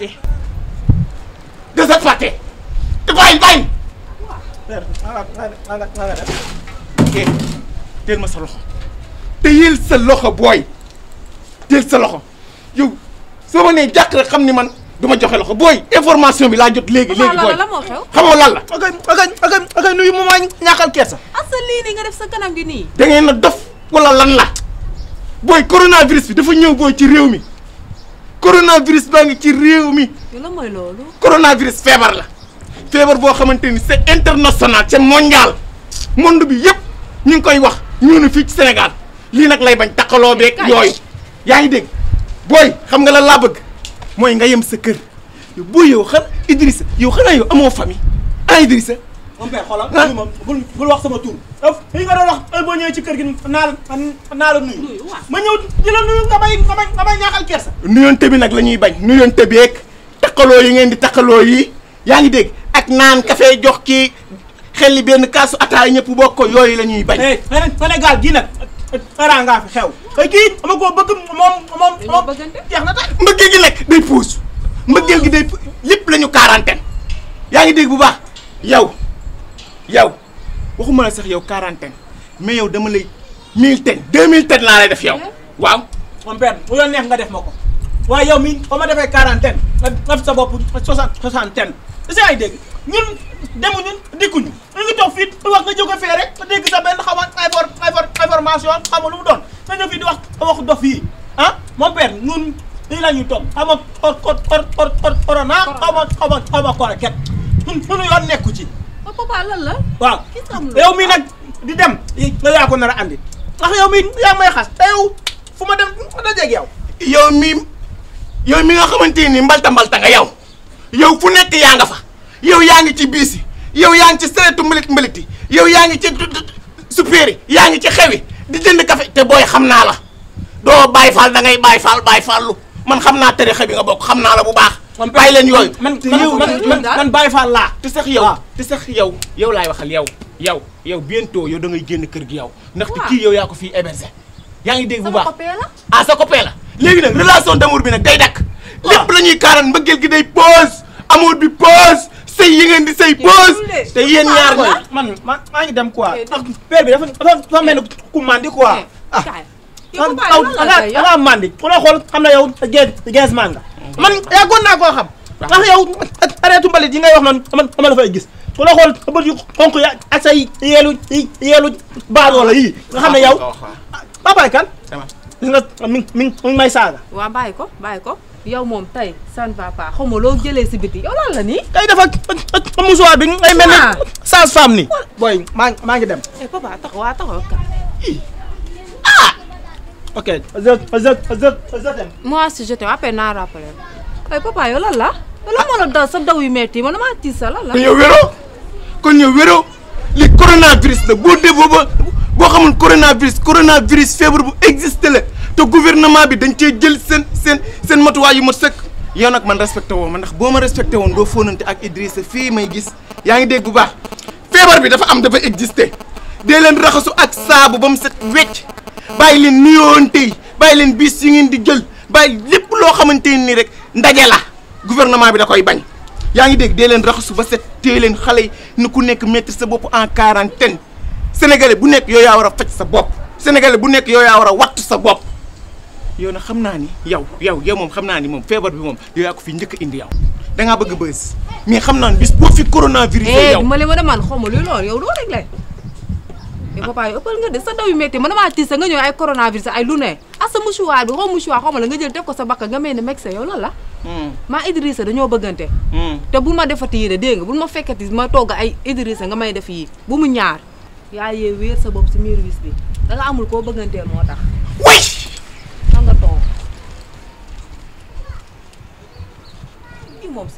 Eh. Dasa fàtte. te bàyyi bàyyi. eh teel ma sa loxo. te yéel sa loxo booy. teel sa loxo yow soo ma nee jàkk rek xam ne man du joxe loxo booy information bi laa jot léegi. léegi booy la moo xew xamoo lan la. ok ok ok ok nuyu mu ma ñàkkal keesa. asa ah, lii nii nga def sa kanam gi nii. da ngeen na dof wala lan la booy coronavirus bi dafa ñëw booy ci réew mi. coronavirus baa ngi ci réew mi. lan mooy loolu. coronavirus feebar la feebar boo xamante ni c'est international c'est mondial monde bi yëpp ñu ngi koy wax ñu ne fii ci senegal lii nag lay bañ taqaloo beeg yooyu. yaa ngi dégg booy xam nga la laa bëgg mooy nga yem sa kër booy yow xal Idrissa yow a yow amoo famille ah Idrissa. moom kay xoolal bul bul wax sama tur. yi nga doon wax boo ñëwee ci kër gi naa naa la nuyu. ma ñëw di la nuyu nga may nga may nga may ñaaxal kersa. nag la ñuy bañ nuyonte bi yeeg takkaloo yi ngeen di takkaloo yi yaa ngi dégg ak naan kafe jox kii xelli benn kaasu ataay ñëpp bokk ko yooyu la ñuy bañ. Eh, Sénégal gii nag teraanga fi xew. kii ama koo bëgg moom moom moom jeex na tey. mbëggeel gi nag day puus mbëggeel gi day lépp lañu ñu yaa ngi dégg bu baax yow. yow waxuma la sax yow quarantaine mais yow dama lay mille ten deux mille ten laa lay def yow waaw. moom père bu la neex nga def ma ko waaye yow mi ba ma defee quarantaine nga def sa bopp soixante soixantaine est-ce que ay dégg ñun demuñu dikkuñu ñu ngi toog fii di wax nga jóge fee rek dégg sa benn xaw ma information xam nga lu mu doon nga ñëw fii di wax waxu dof yi ah moom la ñuy toog xaw ma corona xaw ma xaw ma xaw ma koroket ñun suñu yoon nekku ci. Touba la. waaw yow mii nag di dem. yow yaa ko nar a andi. ndax yow mii yaa may xas te yow fu ma def ma dajeeg yow. yow mii yow mi nga xamante nii mbalta mbalta nga yow yow fu nekk yaa nga fa yow yaa ngi ci biisi yow yaa ngi ci sareetu mbalit mbaliti yow yaa ngi ci supéeri yaa ngi ci xewi di jënd café te booy xam naa la doo Baay Faal da ngay Baay Faal Baay Faalu man xam naa tarixa bi nga bokk xam naa la bu baax. man bàyyi leen yooyu. man man man bàyyi faa laa. te sax yow ah. te sax yow yow laay waxal yow. yow yow bientôt yow da ngay génn kër gi yow. ndaxte kii yow yaa ko fii héberger. yaa ngi dégg bu baax ah sa copain la. léegi nag relation d'amour bi nag day dakk ah. lépp la ñuy kaaran mbëggeel gi day pause amour bi pause sëy yi ngeen di sëy pause te yéen ñaar ñi man man maa ngi dem quoi ah, père bi dafa dafa mel ni ku mandi quoi eh, ah aw anga mandi ku la xool xam na yow gees manga man yàggoon naa koo xam ndax yow areetu mbalit yi ngay wax noonu man ama dafay gis ku la xool bët yu xonk ya ak say yeelu yeelu baadoo la nga xam ne yow ba ah, bàyyi kan gis nga ah, mi mi mi may saaga waaw bàyyi ko bàyyi ko yow moom tey ça ne va pas xaw ma loo jëlee si biti yow lan la nii. kay dafa ah, musuwaar bi ngay mel ne. sage femme ni booy maa maa ngi dem. eh papa taxawaa taxawal kan. Ok, azet, azet, azet, azet. Moi, si j'étais à peine à rappeler. Eh, papa, yo là là. Yo là, moi, dans ce dos, il m'est dit, mon nom, tu sais, là là. Quand yo véro, quand yo véro, le coronavirus, le bout de bobo, boo xamul coronavirus coronavirus feebar bu existe la te gouvernement bi dañ cee jël seen seen seen matuwaay yu ma sëkk yow nag man respecté woo ma ndax boo ma respecté woon doo fóonante ak Idrissa fii may gis yaa ngi dégg bu baax feebar bi dafa am dafa existe dé leen raxasu ak saabu ba mu set wecc bàyyi leen nuyoonte bàyyi leen bis yi ngeen di jël bàyyi lepp lo xamanteni ni rek ndaje la gouvernement bi da koy bañ. yaangi deg de dee leen raxasu ba set te leen xalé ni ku nek mettre sa bop en quarantaine sénégalais bu nek yow yaa war a sa bop sénégalais bu nek yow yaa war wattu sa bop yow na xamna ni yow yow yow mom xamna ni mom fever bi mom yow ko fi ñëk indi yow nga bëgg bëss mais xamna bis boo fi coronavirus. Eh, yow eh ma le wara demaan xomul ma lool yow rek lay mais eh, papa yow ëppal nga de sa daw yu métti man damaa tiis sa nga ñëw ay coronavirus ay lu ne ak ah, sa mouchoir bi xaw mouchoir xaw la nga jël def ko sa bakka nga mel ni meg sa yow lan la hmm. maa Idrissa dañoo bëggante hmm. te bu ma defati yii de dégg bu bul ma fekkati ma togg ay Idrissa nga may def yii bu mu ñaar yaa yee wéer sa bopp si miir wis bi da amul koo bëgganteel moo tax way nga toog i moom